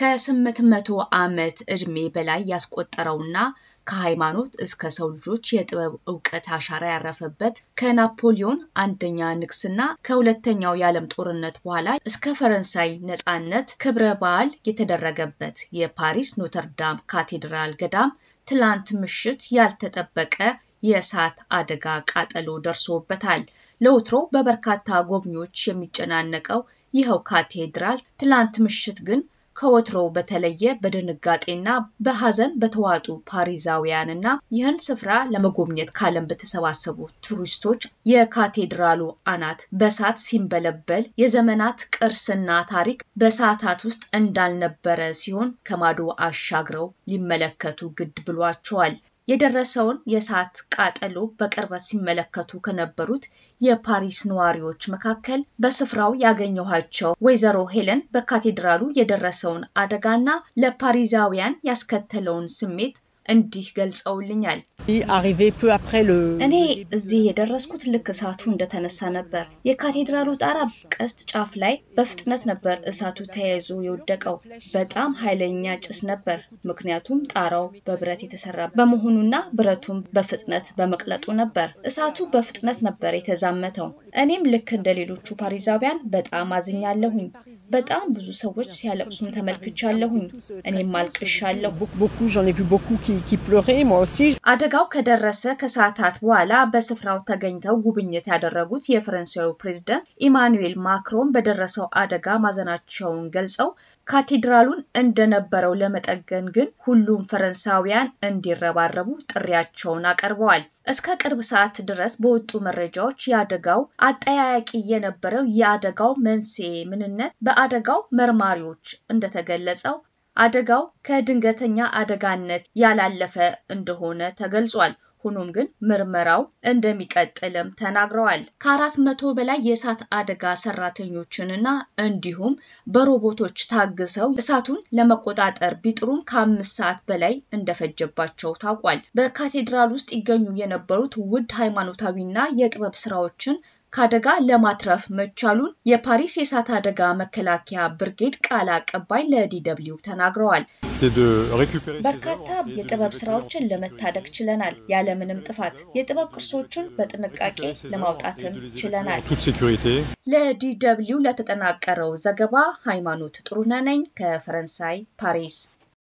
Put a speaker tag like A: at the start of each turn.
A: ከ800 ዓመት ዕድሜ በላይ ያስቆጠረውና ከሃይማኖት እስከ ሰው ልጆች የጥበብ እውቀት አሻራ ያረፈበት ከናፖሊዮን አንደኛ ንግስና ከሁለተኛው የዓለም ጦርነት በኋላ እስከ ፈረንሳይ ነፃነት ክብረ በዓል የተደረገበት የፓሪስ ኖተርዳም ካቴድራል ገዳም ትላንት ምሽት ያልተጠበቀ የእሳት አደጋ ቃጠሎ ደርሶበታል። ለወትሮ በበርካታ ጎብኚዎች የሚጨናነቀው ይኸው ካቴድራል ትላንት ምሽት ግን ከወትሮው በተለየ በድንጋጤና በሐዘን በተዋጡ ፓሪዛውያንና ይህን ስፍራ ለመጎብኘት ከዓለም በተሰባሰቡ ቱሪስቶች የካቴድራሉ አናት በሳት ሲንበለበል የዘመናት ቅርስና ታሪክ በሰዓታት ውስጥ እንዳልነበረ ሲሆን ከማዶ አሻግረው ሊመለከቱ ግድ ብሏቸዋል። የደረሰውን የእሳት ቃጠሎ በቅርበት ሲመለከቱ ከነበሩት የፓሪስ ነዋሪዎች መካከል በስፍራው ያገኘኋቸው ወይዘሮ ሄለን በካቴድራሉ የደረሰውን አደጋና ለፓሪዛውያን ያስከተለውን ስሜት እንዲህ ገልጸውልኛል። እኔ እዚህ የደረስኩት ልክ እሳቱ እንደተነሳ ነበር። የካቴድራሉ ጣራ ቀስት ጫፍ ላይ በፍጥነት ነበር እሳቱ ተያይዞ የወደቀው። በጣም ኃይለኛ ጭስ ነበር፣ ምክንያቱም ጣራው በብረት የተሰራ በመሆኑና ብረቱም በፍጥነት በመቅለጡ ነበር። እሳቱ በፍጥነት ነበር የተዛመተው። እኔም ልክ እንደ ሌሎቹ ፓሪዛውያን በጣም አዝኛለሁኝ። በጣም ብዙ ሰዎች ሲያለቅሱም ተመልክቻለሁኝ። እኔም አልቅሻለሁ። አደጋው ከደረሰ ከሰዓታት በኋላ በስፍራው ተገኝተው ጉብኝት ያደረጉት የፈረንሳዩ ፕሬዝዳንት ኢማኑኤል ማክሮን በደረሰው አደጋ ማዘናቸውን ገልጸው ካቴድራሉን እንደነበረው ለመጠገን ግን ሁሉም ፈረንሳውያን እንዲረባረቡ ጥሪያቸውን አቀርበዋል። እስከ ቅርብ ሰዓት ድረስ በወጡ መረጃዎች የአደጋው አጠያያቂ የነበረው የአደጋው መንስኤ ምንነት በአደጋው መርማሪዎች እንደተገለጸው አደጋው ከድንገተኛ አደጋነት ያላለፈ እንደሆነ ተገልጿል። ሆኖም ግን ምርመራው እንደሚቀጥልም ተናግረዋል። ከአራት መቶ በላይ የእሳት አደጋ ሰራተኞችንና እንዲሁም በሮቦቶች ታግሰው እሳቱን ለመቆጣጠር ቢጥሩም ከአምስት ሰዓት በላይ እንደፈጀባቸው ታውቋል። በካቴድራል ውስጥ ይገኙ የነበሩት ውድ ሃይማኖታዊና የጥበብ ስራዎችን ከአደጋ ለማትረፍ መቻሉን የፓሪስ የእሳት አደጋ መከላከያ ብርጌድ ቃል አቀባይ ለዲደብሊው ተናግረዋል። በርካታ የጥበብ ስራዎችን ለመታደግ ችለናል። ያለምንም ጥፋት የጥበብ ቅርሶቹን በጥንቃቄ ለማውጣትም ችለናል። ለዲደብሊው ለተጠናቀረው ዘገባ ሃይማኖት ጥሩነህ ነኝ ከፈረንሳይ ፓሪስ።